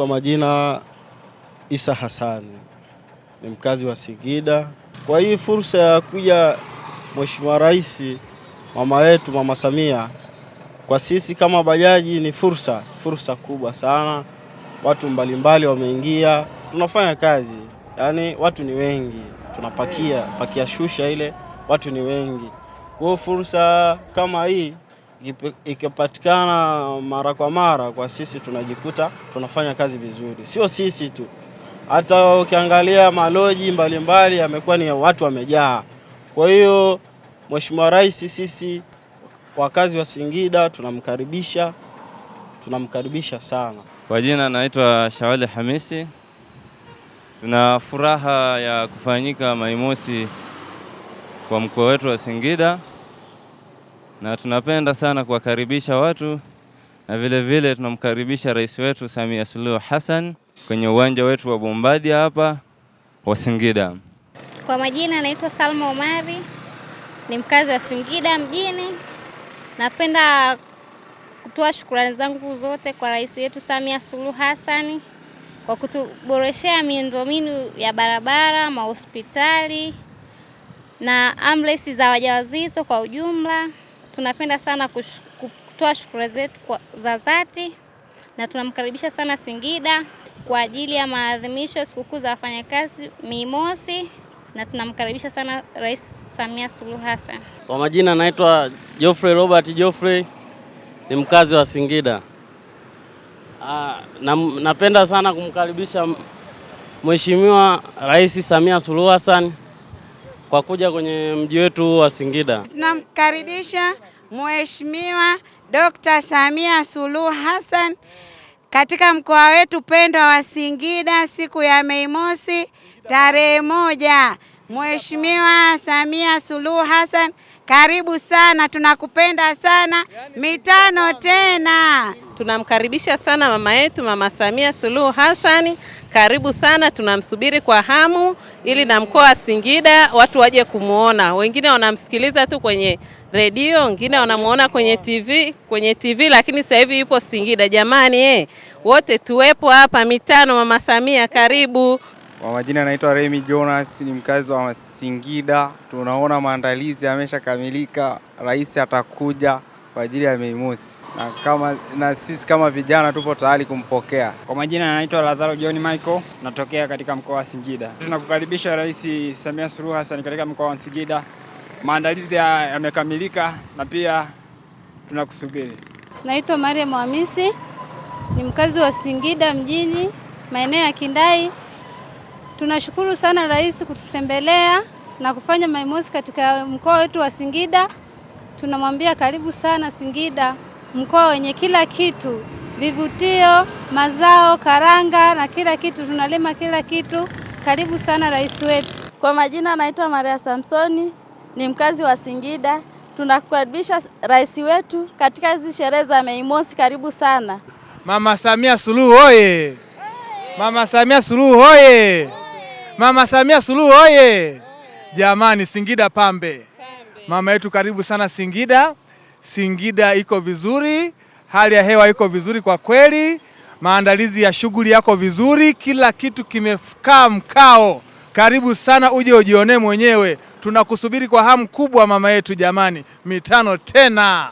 Kwa majina Isa Hasani ni mkazi wa Singida. Kwa hii fursa ya kuja Mheshimiwa Rais mama wetu Mama Samia, kwa sisi kama bajaji ni fursa, fursa kubwa sana. Watu mbalimbali wameingia, tunafanya kazi, yaani watu ni wengi, tunapakia pakia shusha ile, watu ni wengi, kwa fursa kama hii ikipatikana mara kwa mara, kwa sisi tunajikuta tunafanya kazi vizuri. Sio sisi tu, hata ukiangalia maloji mbalimbali yamekuwa ni watu wamejaa. Kwa hiyo Mheshimiwa Rais, sisi wakazi wa Singida tunamkaribisha, tunamkaribisha sana. Kwa jina naitwa Shawali Hamisi. Tuna furaha ya kufanyika maimosi Mosi kwa mkoa wetu wa Singida na tunapenda sana kuwakaribisha watu na vile vile tunamkaribisha rais wetu Samia Suluhu Hassan kwenye uwanja wetu wa Bombadia hapa wa Singida. Kwa majina naitwa Salma Omari, ni mkazi wa Singida mjini. Napenda kutoa shukrani zangu zote kwa rais wetu Samia Suluhu Hassan kwa kutuboreshea miundombinu ya barabara, mahospitali na ambulensi za wajawazito kwa ujumla. Tunapenda sana kutoa shukrani zetu za dhati na tunamkaribisha sana Singida kwa ajili ya maadhimisho ya sikukuu za wafanyakazi Mimosi, na tunamkaribisha sana Rais Samia Suluhu Hassan. Kwa majina naitwa Geoffrey Robert Geoffrey, ni mkazi wa Singida. Aa, ah, na, napenda sana kumkaribisha Mheshimiwa Rais Samia Suluhu Hassan kwa kuja kwenye mji wetu wa Singida. Tunamkaribisha Mheshimiwa Dr. Samia Suluhu Hassan katika mkoa wetu pendwa wa Singida siku ya Mei Mosi tarehe moja. Mheshimiwa Samia Suluhu Hassan, karibu sana, tunakupenda sana. Mitano tena. Tunamkaribisha sana mama yetu Mama Samia Suluhu Hassan. Karibu sana, tunamsubiri kwa hamu ili na mkoa wa Singida watu waje kumwona. Wengine wanamsikiliza tu kwenye redio, wengine wanamwona kwenye TV, kwenye TV, lakini sasa hivi yupo Singida. Jamani eh, wote tuwepo hapa mitano. Mama Samia karibu. Kwa majina anaitwa Remy Jonas, ni mkazi wa Singida. Tunaona maandalizi yameshakamilika, rais atakuja kwa ajili ya Mei Mosi na, kama, na sisi kama vijana tupo tayari kumpokea. Kwa majina anaitwa Lazaro John Michael, natokea katika mkoa wa Singida. Tunakukaribisha Rais Samia Suluhu Hassan katika mkoa wa Singida. Maandalizi yamekamilika na pia tunakusubiri. Naitwa Mariam Hamisi, ni mkazi wa Singida mjini, maeneo ya Kindai. Tunashukuru sana rais kututembelea na kufanya Mei Mosi katika mkoa wetu wa Singida tunamwambia karibu sana Singida, mkoa wenye kila kitu, vivutio, mazao, karanga na kila kitu, tunalima kila kitu. Karibu sana rais wetu. Kwa majina anaitwa Maria Samsoni, ni mkazi wa Singida. Tunakukaribisha rais wetu katika hizi sherehe za Mei Mosi. Karibu sana Mama Samia Suluhu hoye! Mama Samia Suluhu hoye! Mama Samia Suluhu hoye! Jamani, Singida pambe! Mama yetu karibu sana Singida. Singida iko vizuri, hali ya hewa iko vizuri kwa kweli, maandalizi ya shughuli yako vizuri, kila kitu kimekaa mkao. Karibu sana uje ujionee mwenyewe, tunakusubiri kwa hamu kubwa mama yetu. Jamani, mitano tena.